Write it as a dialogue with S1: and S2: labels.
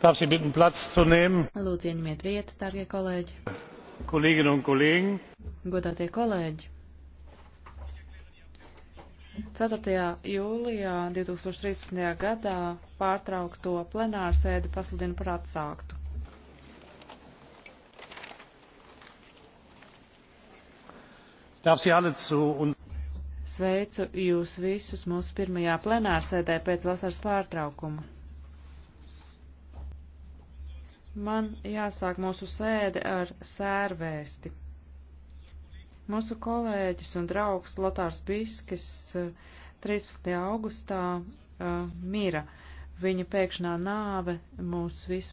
S1: Darf Sie bitten, Platz zu nehmen?
S2: Lūdzu, ieņemiet vietas, dārgie kolēģi.
S1: Kolēģinnen un kolēģi.
S3: Godātie kolēģi. 4. jūlijā 2013. gadā pārtraukto plenāru sēdi pasludinu par atsāktu.
S4: Darf Sie alle zu uns
S3: Sveicu jūs visus mūsu pirmajā plenārsēdē pēc vasaras pārtraukuma. Man jāsāk mūsu sēde ar sērvēsti. Mūsu kolēģis un draugs Lotārs Biskis 13. Eh, augustā uh, mira. Viņa pēkšņā nāve mūs visus.